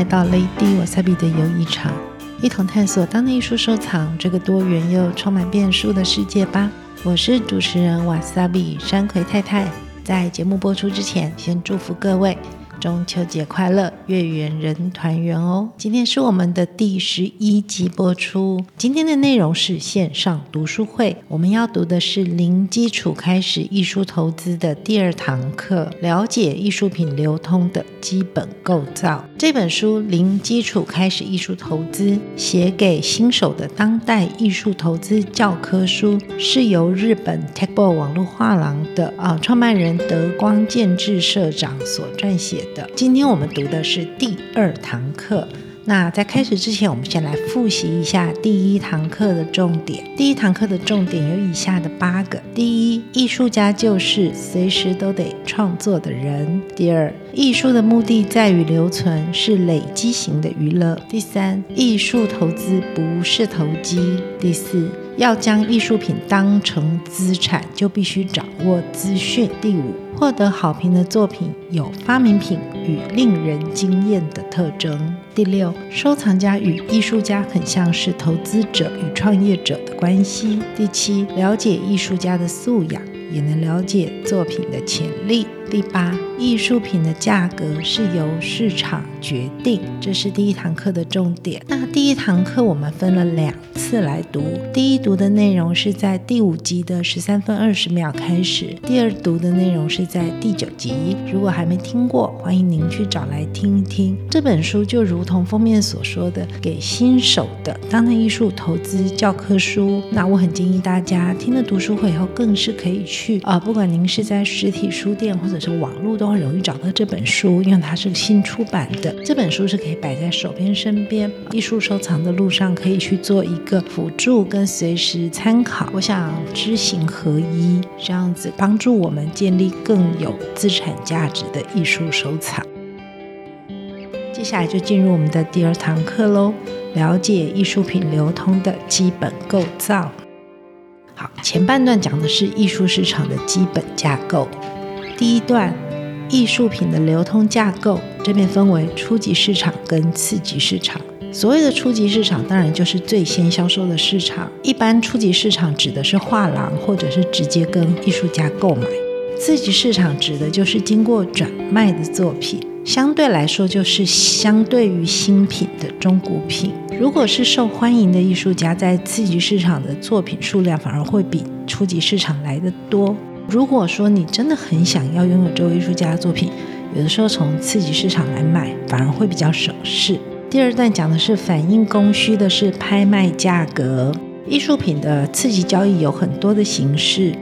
來到 Lady Wasabi 的遊藝場，一同探索當代藝術收藏這個多元又充滿變數的世界吧。我是主持人 Wasabi 山葵太太，在節目播出之前，先祝福各位。中秋節快樂，月圓人團圓哦！今天是我們的第十一集播出。今天的內容是線上讀書會，我們要讀的是《零基礎開始藝術投資》的第二堂課，了解藝術品流通的基本構造。這本書《零基礎開始藝術投資》寫給新手的當代藝術投資教科書，是由日本 tagboat 網絡畫廊的啊創辦人德光健治社長所撰寫的。今天我們讀的是第二堂課。那在開始之前，我們先來複習一下第一堂課的重點。第一堂課的重點有以下的八個：第一，藝術家就是隨時都得創作的人；第二，藝術的目的在於留存，是累積型的娛樂；第三，藝術投資不是投機；第四，要將藝術品當成資產，就必須掌握資訊。第五，獲得好評的作品有發明品與令人驚艷的特徵。第六，收藏家與藝術家很像是投資者與創業者的關係。第七，了解藝術家的素養，也能了解作品的潛力。第八，藝術品的價格是由市場決定，這是第一堂課的重點。那第一堂課我們分了兩次來讀，第一讀的內容是在第五集的十三分二十秒開始，第二讀的內容是在第九集。如果還沒聽過，歡迎您去找來聽一聽。這本書就如同封面所說的，給新手的當代藝術投資教科書。那我很建議大家聽了讀書會以後，更是可以去啊、哦，不管您是在實體書店或者。是網絡都很容易找到這本書，因為它是新出版的。這本書是可以擺在手邊身邊，藝術收藏的路上可以去做一個輔助跟隨時參考。我想知行合一，這樣子幫助我們建立更有資產價值的藝術收藏。接下來就進入我們的第二堂課嘍，了解藝術品流通的基本構造。好，前半段講的是藝術市場的基本架構。第一段，藝術品的流通架構這邊分為初級市場跟次級市場。所謂的初級市場，當然就是最先銷售的市場。一般初級市場指的是畫廊，或者是直接跟藝術家購買。次級市場指的就是經過轉賣的作品，相對來說就是相對於新品的中古品。如果是受歡迎的藝術家，在次級市場的作品數量反而會比初級市場來得多。如果說你真的很想要擁有這位藝術家的作品，有的時候從次級市場來買反而會比較省事。第二段講的是反映供需的是拍賣價格。藝術品的次級交易有很多的形式，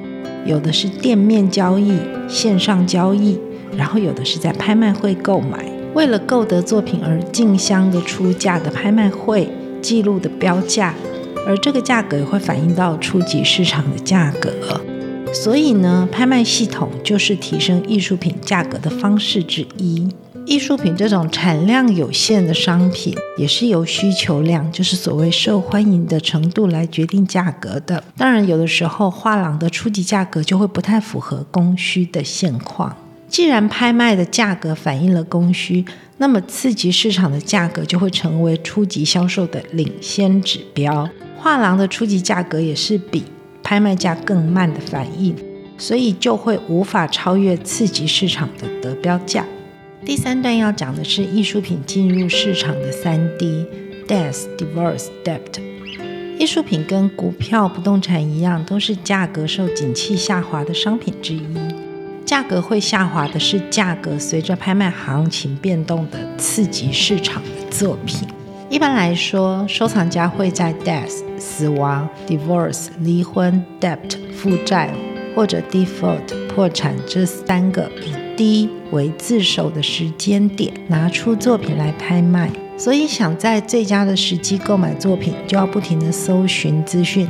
有的是店面交易、線上交易，然後有的是在拍賣會購買。為了購得作品而競相的出價的拍賣會記錄的標價，而這個價格也會反映到初級市場的價格。所以呢，拍賣系統就是提升藝術品價格的方式之一。藝術品這種產量有限的商品，也是由需求量，就是所謂受歡迎的程度來決定價格的。當然，有的時候畫廊的初級價格就會不太符合供需的現況。既然拍賣的價格反映了供需，那麼次級市場的價格就會成為初級銷售的領先指標。畫廊的初級價格也是比拍賣價更慢的反應，所以就會無法超越次級市場的得標價。第三段要講的是藝術品進入市場的三 D：Death, Divorce, Debt。藝術品跟股票、不動產一樣，都是價格受景氣下滑的商品之一。價格會下滑的是價格隨着拍賣行情變動的次級市場的作品。一般來說，收藏家會在 death 死亡、divorce 離婚、debt 負債或者 default 破產這三個以 D 為字首的時間點，拿出作品來拍賣。所以，想在最佳的時機購買作品，就要不停地搜尋資訊。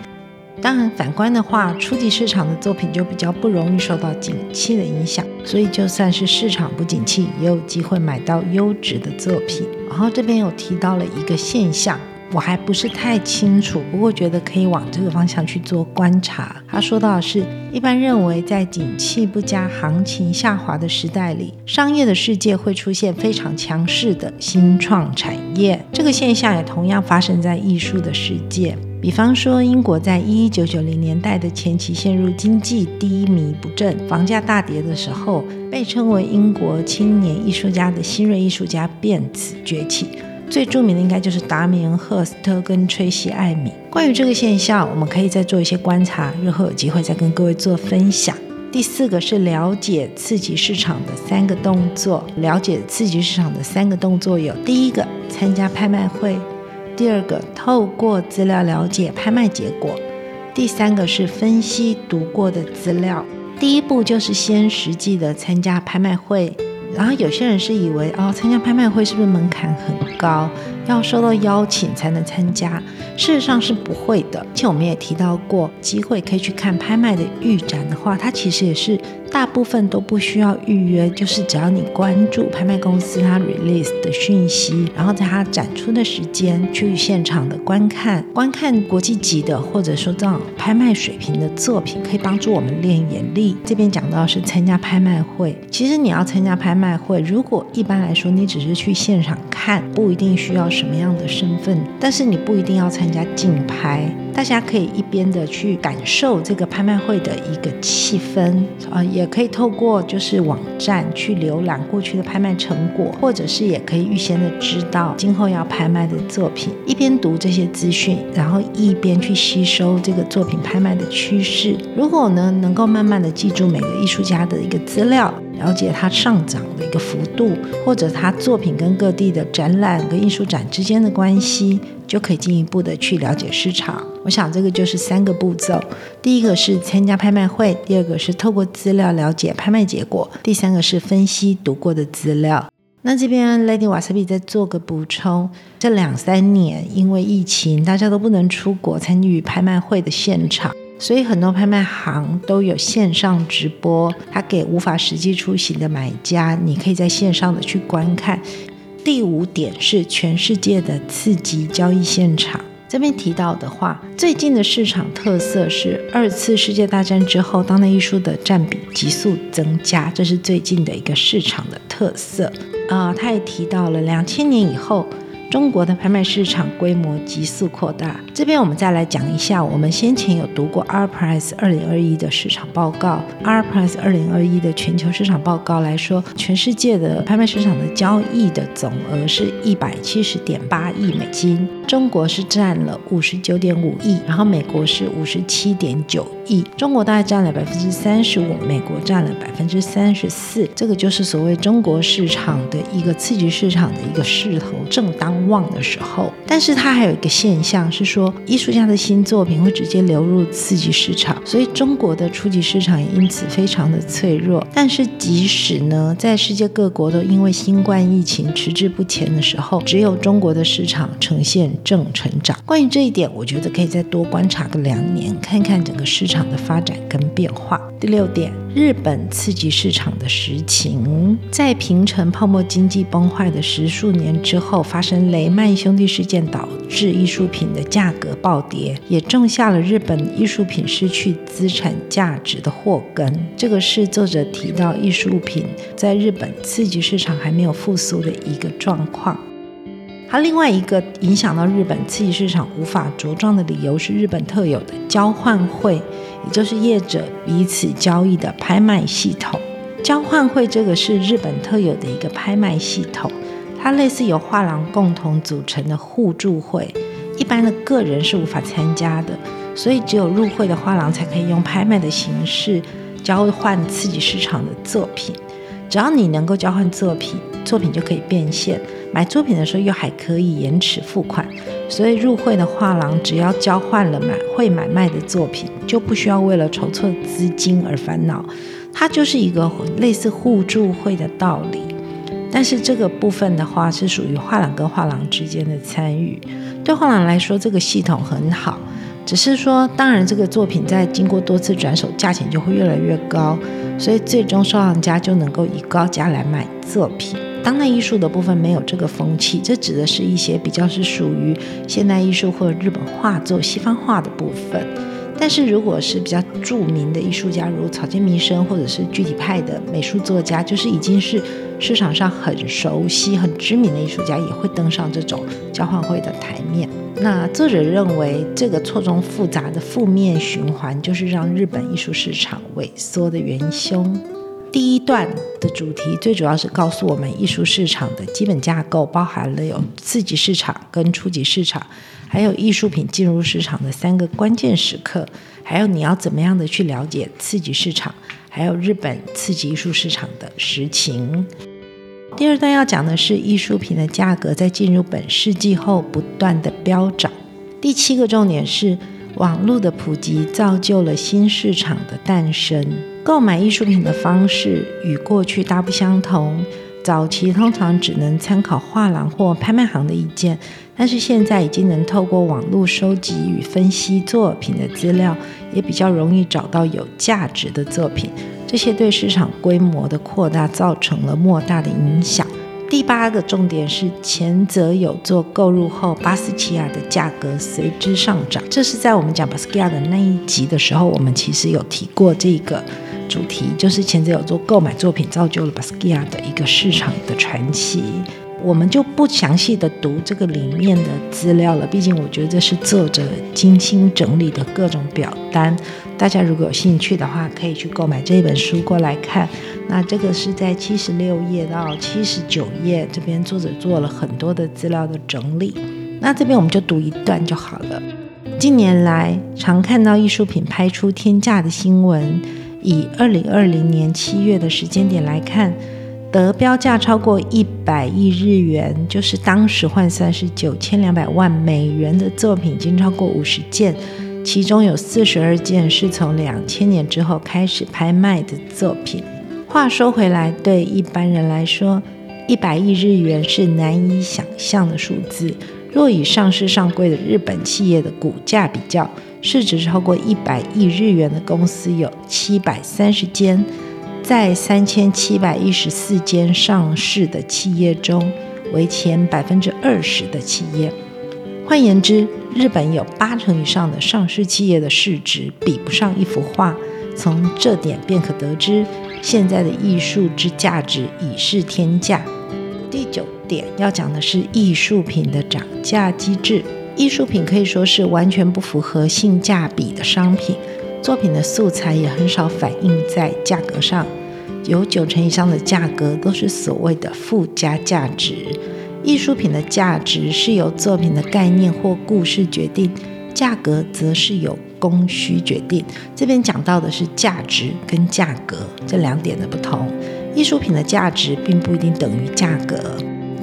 當然，反觀的話，初級市場的作品就比較不容易受到景氣的影響，所以就算是市場不景氣，也有機會買到優質的作品。然後這邊有提到了一個現象，我還不是太清楚，不過覺得可以往這個方向去做觀察。他說到的是，一般認為在景氣不佳、行情下滑的時代裡，商業的世界會出現非常強勢的新創產業，這個現象也同樣發生在藝術的世界。比方說，英國在1990年代的前期陷入經濟低迷不振、房價大跌的時候，被稱為英國青年藝術家的新銳藝術家便此崛起。最著名的應該就是達明赫斯特跟崔西艾米。關於這個現象，我們可以再做一些觀察，日後有機會再跟各位做分享。第四個是了解次級市場的三個動作。了解次級市場的三個動作有：第一個，參加拍賣會。第二個，透過資料了解拍賣結果。第三個是分析讀過的資料。第一步就是先實際的參加拍賣會，然後有些人是以為哦，參加拍賣會是不是門檻很高？要收到邀請才能參加，事實上是不會的。而且我們也提到過，機會可以去看拍賣的預展的話，它其實也是大部分都不需要預約，就是只要你關注拍賣公司它 release 的訊息，然後在它展出的時間去現場的觀看，觀看國際級的或者說這種拍賣水平的作品，可以幫助我們練眼力。這邊講到是參加拍賣會，其實你要參加拍賣會，如果一般來說你只是去現場看，不一定需要。什麼樣的身份？但是你不一定要參加競拍，大家可以一邊的去感受這個拍賣會的一個氣氛啊，呃，也可以透過就是網站去瀏覽過去的拍賣成果，或者是也可以預先的知道今後要拍賣的作品，一邊讀這些資訊，然後一邊去吸收這個作品拍賣的趨勢。如果呢，能夠慢慢的記住每個藝術家的一個資料。了解它上漲的一個幅度，或者它作品跟各地的展覽跟藝術展之間的關係，就可以進一步的去了解市場。我想這個就是三個步驟：第一個是參加拍賣會，第二個是透過資料了解拍賣結果，第三個是分析讀過的資料。那這邊 Lady 瓦斯比再做個補充：這兩三年因為疫情，大家都不能出國參與拍賣會的現場。所以很多拍賣行都有線上直播。它給無法實際出行的買家，你可以在線上的去觀看。第五點是全世界的次級交易現場，這邊提到的話，最近的市場特色是二次世界大戰之後，當代藝術的占比急速增加，這是最近的一個市場的特色。啊、呃，他也提到了兩千年以後。中國的拍賣市場規模急速擴大。這邊我們再來講一下，我們先前有讀過 Artprice 二零二一的市場報告。Artprice 二零二一的全球市場報告來說，全世界的拍賣市場的交易的總額是一百七十點八億美金。中國是占了五十九點五億，然後美國是五十七點九億，中國大概占了百分之三十五，美國占了百分之三十四，這個就是所謂中國市場的一個次級市場的一個勢頭正當旺的時候。但是它還有一個現象是說，藝術家的新作品會直接流入次級市場，所以中國的初級市場也因此非常的脆弱。但是即使呢，在世界各國都因為新冠疫情遲滯不前的時候，只有中國的市場呈現。正成長。關於這一點，我覺得可以再多觀察個兩年，看看整個市場的發展跟變化。第六點，日本次級市場的實情，在平成泡沫經濟崩壞的十數年之後，發生雷曼兄弟事件，導致藝術品的價格暴跌，也種下了日本藝術品失去資產價值的禍根。這個是作者提到藝術品在日本次級市場還沒有復甦的一個狀況。它另外一個影響到日本次級市場無法茁壯的理由是日本特有的交換會，也就是業者彼此交易的拍賣系統。交換會這個是日本特有的一個拍賣系統，它類似由畫廊共同組成的互助會，一般的個人是無法參加的，所以只有入會的畫廊才可以用拍賣的形式交換次級市場的作品。只要你能夠交換作品。作品就可以變現，買作品的時候又還可以延遲付款，所以入會的畫廊只要交換了買會買賣的作品，就不需要為了籌措資金而煩惱。它就是一個類似互助會的道理。但是這個部分的話是屬於畫廊跟畫廊之間的參與，對畫廊來說，這個系統很好。只是說，當然這個作品在經過多次轉手，價錢就會越來越高，所以最終收藏家就能夠以高價來買作品。當代藝術的部分沒有這個風氣，這指的是一些比較是屬於現代藝術或者日本畫作、西方畫的部分。但是如果是比較著名的藝術家，如草間彌生或者是具體派的美術作家，就是已經是市場上很熟悉、很知名的藝術家，也會登上這種交換會的檯面。那作者認為，這個錯綜複雜的負面循環就是讓日本藝術市場萎縮的元兇。第一段的主題最主要是告訴我們，藝術市場的基本架構包含了有次級市場跟初級市場，還有藝術品進入市場的三個關鍵時刻，還有你要怎麼樣的去了解次級市場，還有日本次級藝術市場的實情。第二段要講的是藝術品的價格在進入本世紀後不斷的飆漲。第七個重點是網絡的普及造就了新市場的誕生。購買藝術品的方式與過去大不相同。早期通常只能參考畫廊或拍賣行的意見，但是現在已經能透過網絡收集與分析作品的資料，也比較容易找到有價值的作品。這些對市場規模的擴大造成了莫大的影響。第八個重點是前澤友作購入後，巴斯奇亞的價格隨之上漲。這是在我們講巴斯奇亞的那一集的時候，我們其實有提過這個。主題就是前澤友作購買作品，造就了 Basquiat 的一個市場的傳奇。我們就不詳細的讀這個裡面的資料了，畢竟我覺得這是作者精心整理的各種表單。大家如果有興趣的話，可以去購買這本書過來看。那這個是在七十六頁到七十九頁這邊，作者做了很多的資料的整理。那這邊我們就讀一段就好了。近年來，常看到藝術品拍出天價的新聞。以二零二零年七月的時間點來看，得標價超過一百億日元，就是當時換算是九千兩百萬美元的作品，已經超過五十件，其中有四十二件是從兩千年之後開始拍賣的作品。話說回來，對一般人來說，一百億日元是難以想象的數字。若與上市上櫃的日本企業的股價比較，市值超過一百億日元的公司有七百三十間，在三千七百一十四間上市的企業中，為前百分之二十的企業。換言之，日本有八成以上的上市企業的市值比不上一幅畫。從這點便可得知，現在的藝術之價值已是天價。第九點要講的是藝術品的漲價機制。藝術品可以說是完全不符合性價比的商品，作品的素材也很少反映在價格上，有九成以上的價格都是所謂的附加價值。藝術品的價值是由作品的概念或故事決定，價格則是由供需決定。這邊講到的是價值跟價格這兩點的不同，藝術品的價值並不一定等於價格。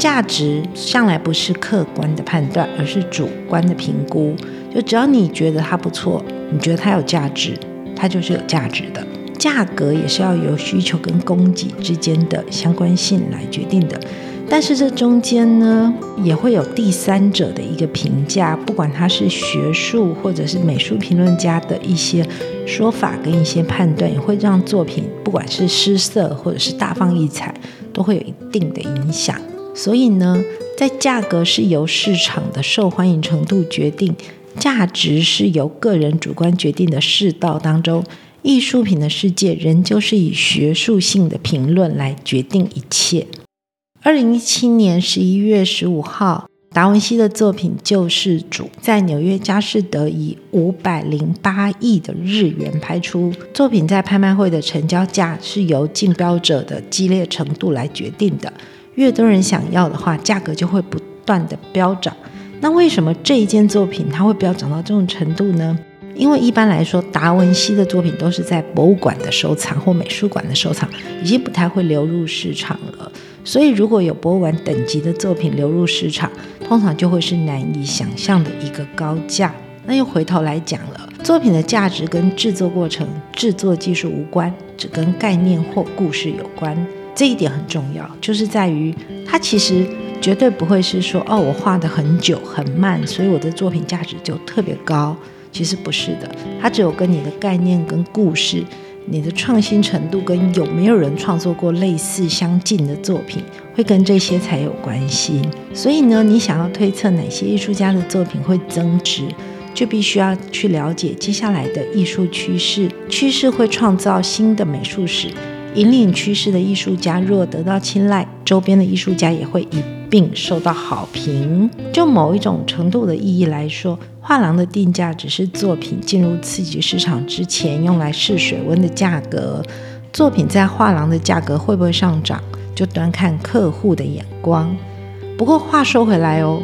價值向來不是客觀的判斷，而是主觀的評估。就只要你覺得它不錯，你覺得它有價值，它就是有價值的。價格也是要由需求跟供給之間的相關性來決定的。但是這中間呢，也會有第三者的一個評價，不管它是學術或者是美術評論家的一些說法跟一些判斷，也會讓作品不管是失色或者是大放異彩，都會有一定的影響。所以呢，在價格是由市場的受歡迎程度決定，價值是由個人主觀決定的世道當中，藝術品的世界仍舊是以學術性的評論來決定一切。二零一七年十一月十五號，達文西的作品《救世主》在紐約佳士得以五百零八億的日元拍出。作品在拍賣會的成交價是由競標者的激烈程度來決定的。越多人想要的話，價格就會不斷地飆漲。那為什麼這一件作品它會飆漲到這種程度呢？因為一般來說，達文西的作品都是在博物館的收藏或美術館的收藏，已經不太會流入市場了。所以如果有博物館等級的作品流入市場，通常就會是難以想象的一個高價。那又回頭來講了，作品的價值跟制作過程、制作技術無關，只跟概念或故事有關。這一點很重要，就是在於它其實絕對不會是說哦，我畫得很久很慢，所以我的作品價值就特別高。其實不是的，它只有跟你的概念跟故事、你的創新程度跟有沒有人創作過類似相近的作品，會跟這些才有關係。所以呢，你想要推測哪些藝術家的作品會增值，就必須要去了解接下來的藝術趨勢。趨勢會創造新的美術史。引領趨勢的藝術家若得到青睞，週邊的藝術家也會一併受到好評。就某一種程度的意義來說，畫廊的定價只是作品進入次級市場之前用來試水溫的價格。作品在畫廊的價格會不會上漲，就端看客戶的眼光。不過話說回來哦。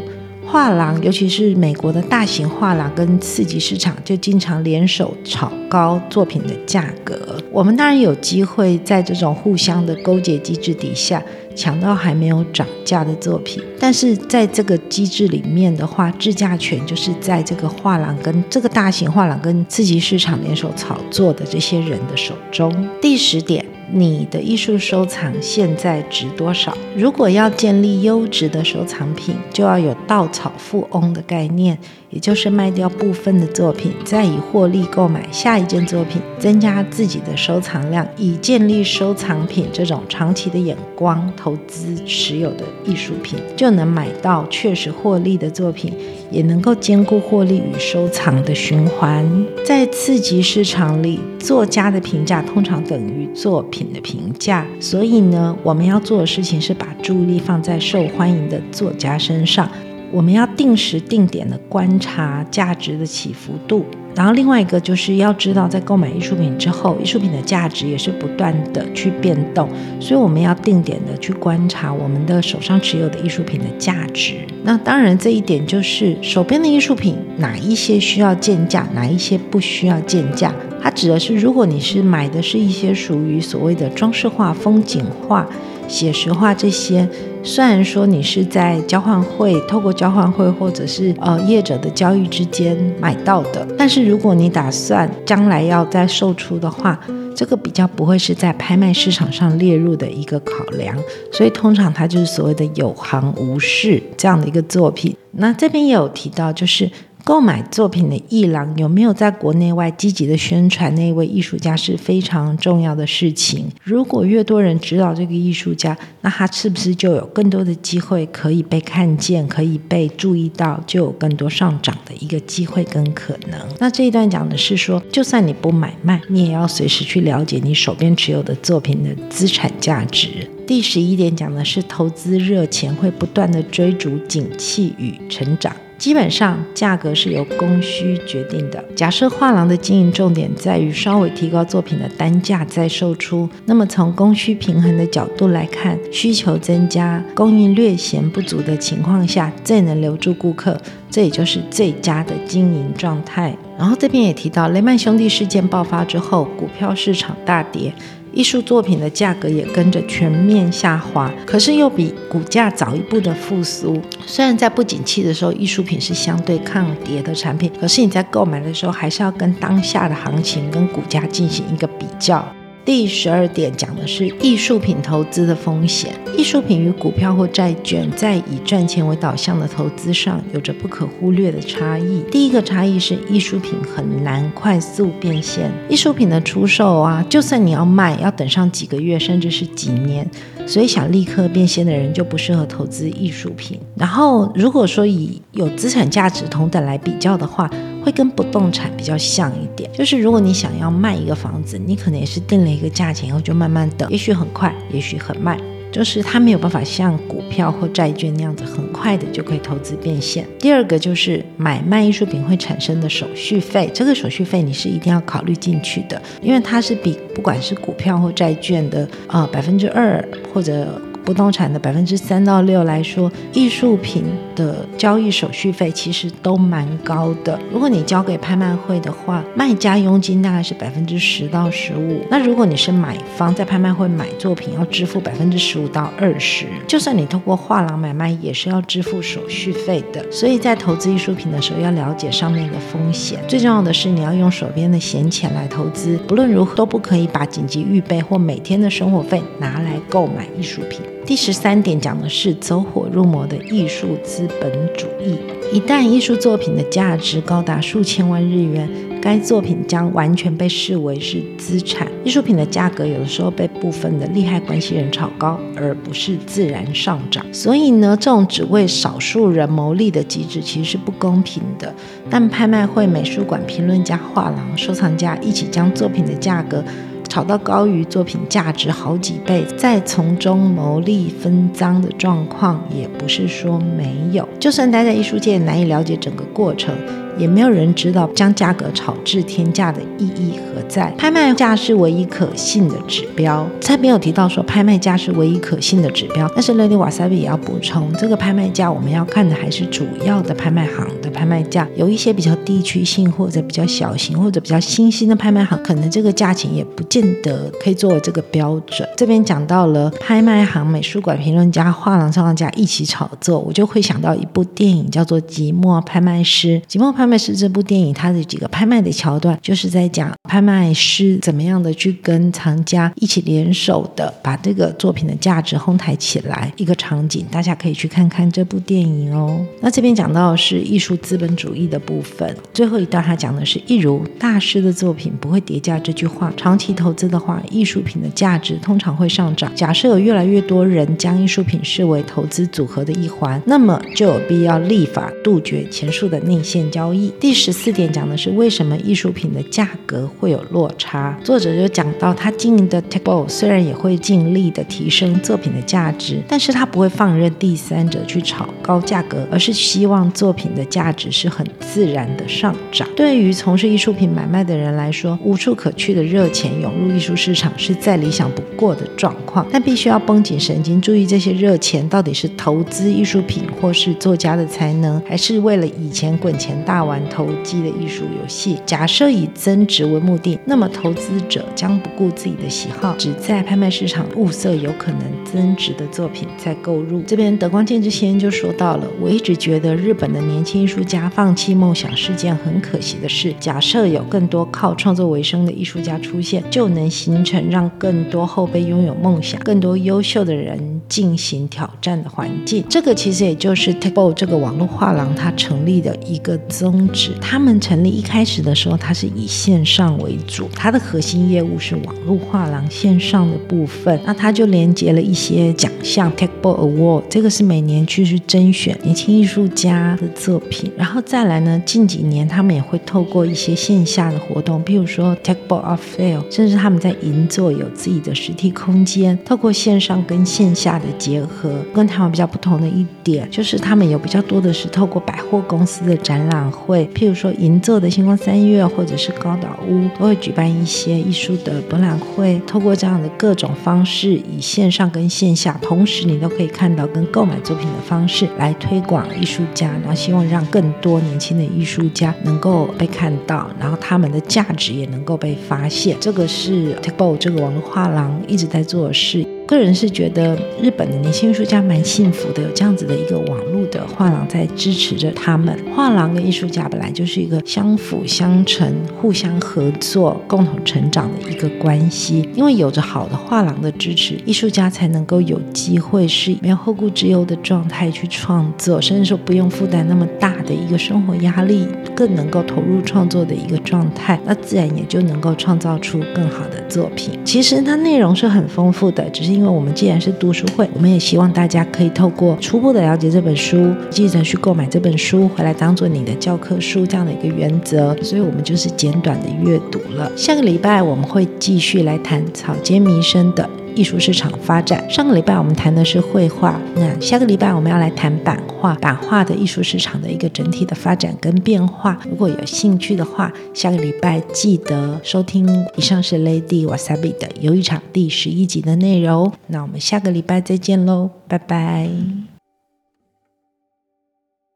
畫廊，尤其是美國的大型畫廊跟次級市場，就經常聯手炒高作品的價格。我們當然有機會在這種互相的勾結機制底下搶到還沒有漲價的作品，但是在這個機制裡面的話，制價權就是在這個畫廊跟這個大型畫廊跟次級市場聯手炒作的這些人的手中。第十點。你的藝術收藏現在值多少？如果要建立優質的收藏品，就要有稻草富翁的概念，也就是賣掉部分的作品，再以獲利購買下一件作品，增加自己的收藏量，以建立收藏品這種長期的眼光投資持有的藝術品，就能買到確實獲利的作品，也能夠兼顧獲利與收藏的循環。在次級市場裡，作家的評價通常等於作品，你的評價，所以呢，我們要做的事情是把注意力放在受歡迎的作家身上。我們要定時定點的觀察價值的起伏度。然後另外一個就是要知道，在購買藝術品之後，藝術品的價值也是不斷地去變動，所以我們要定點的去觀察我們的手上持有的藝術品的價值。那當然這一點就是手邊的藝術品哪一些需要鑑價，哪一些不需要鑑價。它指的是，如果你是買的是一些屬於所謂的裝飾畫、風景畫。寫實畫這些，雖然說你是在交換會，透過交換會或者是呃業者的交易之間買到的，但是如果你打算將來要再售出的話，這個比較不會是在拍賣市場上列入的一個考量。所以通常它就是所謂的有行無市這樣的一個作品。那這邊也有提到，就是。購買作品的藝廊有沒有在國內外積極地宣傳那位藝術家是非常重要的事情。如果越多人知道這個藝術家，那他是不是就有更多的機會可以被看見、可以被注意到，就有更多上漲的一個機會跟可能？那這一段講的是說，就算你不買賣，你也要隨時去了解你手邊持有的作品的資產價值。第十一點講的是，投資熱錢會不斷地追逐景氣與成長。基本上，價格是由供需決定的。假設畫廊的經營重點在於稍微提高作品的單價再售出，那麼從供需平衡的角度來看，需求增加、供應略嫌不足的情況下，最能留住顧客，這也就是最佳的經營狀態。然後這邊也提到，雷曼兄弟事件爆發之後，股票市場大跌。藝術作品的價格也跟着全面下滑，可是又比股價早一步的復甦。雖然在不景氣的時候，藝術品是相對抗跌的產品，可是你在購買的時候，還是要跟當下的行情、跟股價進行一個比較。第十二點講的是藝術品投資的風險。藝術品與股票或債券在以賺錢為導向的投資上有着不可忽略的差異。第一個差異是藝術品很難快速變現。藝術品的出售啊，就算你要賣，要等上幾個月甚至是幾年，所以想立刻變現的人就不適合投資藝術品。然後，如果說以有資產價值同等來比較的話，會跟不動產比較像一點，就是如果你想要賣一個房子，你可能也是定了一個價錢，以後就慢慢等，也許很快，也許很慢，就是它沒有辦法像股票或債券那樣子，很快的就可以投資變現。第二個就是買賣藝術品會產生的手續費，這個手續費你是一定要考慮進去的，因為它是比不管是股票或債券的呃百分之二或者。不動產的百分之三到六來說，藝術品的交易手續費其實都蠻高的。如果你交給拍賣會的話，賣家佣金大概是百分之十到十五。那如果你是買方，在拍賣會買作品要支付百分之十五到二十。就算你透過畫廊買賣，也是要支付手續費的。所以在投資藝術品的時候，要了解上面的風險。最重要的是，你要用手邊的閒錢來投資。不論如何，都不可以把緊急預備或每天的生活費拿來購買藝術品。第十三點講的是走火入魔的藝術資本主義。一旦藝術作品的價值高達數千萬日元，該作品將完全被視為是資產。藝術品的價格有的時候被部分的利害關係人炒高，而不是自然上漲。所以呢，這種只為少數人謀利的機制其實是不公平的。但拍賣會、美術館、評論家、畫廊、收藏家一起將作品的價格。炒到高於作品價值好幾倍，再從中牟利分贓的狀況，也不是說沒有。就算待在藝術界難以了解整個過程。也沒有人知道將價格炒至天價的意義何在。拍賣價是唯一可信的指標。這邊有提到說拍賣價是唯一可信的指標，但是 Lady Wasabi 也要補充，這個拍賣價我們要看的還是主要的拍賣行的拍賣價。有一些比較地區性或者比較小型或者比較新興的拍賣行，可能這個價錢也不見得可以作為這個標準。這邊講到了拍賣行、美術館、評論家、畫廊、收藏家一起炒作，我就會想到一部電影叫做《寂寞拍賣師》。寂寞拍拍賣師這部電影，它的幾個拍賣的橋段，就是在講拍賣師怎麼樣的去跟藏家一起聯手的，把這個作品的價值哄抬起來一個場景，大家可以去看看這部電影哦。那這邊講到的是藝術資本主義的部分，最後一段他講的是“一如大師的作品不會疊加”這句話。長期投資的話，藝術品的價值通常會上漲。假設有越來越多人將藝術品視為投資組合的一環，那麼就有必要立法杜絕前述的內線交易。第十四點講的是為什麼藝術品的價格會有落差。作者就講到，他經營的 tagboat 雖然也會盡力的提升作品的價值，但是他不會放任第三者去炒高價格，而是希望作品的價值是很自然的上漲。對於從事藝術品買賣的人來說，無處可去的熱錢湧入藝術市場是再理想不過的狀況，但必須要繃緊神經，注意這些熱錢到底是投資藝術品或是作家的才能，還是為了以前滾錢大。玩投機的藝術遊戲，假設以增值為目的，那麼投資者將不顧自己的喜好，只在拍賣市場物色有可能增值的作品再購入。這邊德光健治先生就說到了，我一直覺得日本的年輕藝術家放棄夢想是件很可惜的事。假設有更多靠創作為生的藝術家出現，就能形成讓更多後輩擁有夢想、更多優秀的人進行挑戰的環境。這個其實也就是 tagboat 這個網絡畫廊它成立的一個宗旨。宗旨，他們成立一開始的時候，它是以線上為主，它的核心業務是網絡畫廊線上的部分。那它就連接了一些獎項 tagboat Award，這個是每年去去甄選年輕藝術家的作品。然後再來呢，近幾年他們也會透過一些線下的活動，譬如說 tagboat of Fail，甚至他們在銀座有自己的實體空間，透過線上跟線下的結合。跟台灣比較不同的一點，就是他們有比較多的是透過百貨公司的展覽。會，譬如說銀座的星光三月，或者是高島屋，都會舉辦一些藝術的博覽會。透過這樣的各種方式，以線上跟線下，同時你都可以看到跟購買作品的方式，來推廣藝術家。然後希望讓更多年輕的藝術家能夠被看到，然後他們的價值也能夠被發現。這個是 tagboat 這個網絡畫廊一直在做的事。個人是覺得日本的年輕藝術家蠻幸福的，有這樣子的一個網絡的畫廊在支持着他們。畫廊跟藝術家本來就是一個相輔相成、互相合作、共同成長的一個關係。因為有着好的畫廊的支持，藝術家才能夠有機會是沒有後顧之憂的狀態去創作，甚至說不用負擔那麼大的一個生活壓力，更能夠投入創作的一個狀態。那自然也就能夠創造出更好的作品。其實它內容是很豐富的，只是因。因為我們既然是讀書會，我們也希望大家可以透過初步的了解這本書，繼承去購買這本書回來當做你的教科書這樣的一個原則，所以我們就是簡短的閱讀了。下個禮拜我們會繼續來談草間彌生的。藝術市場發展。上個禮拜我們談的是繪畫，那下個禮拜我們要來談版畫。版畫的藝術市場的一個整體的發展跟變化。如果有興趣的話，下個禮拜記得收聽。以上是 Lady Wasabi 的《遊藝場》第十一集的內容。那我們下個禮拜再見嘍，拜拜。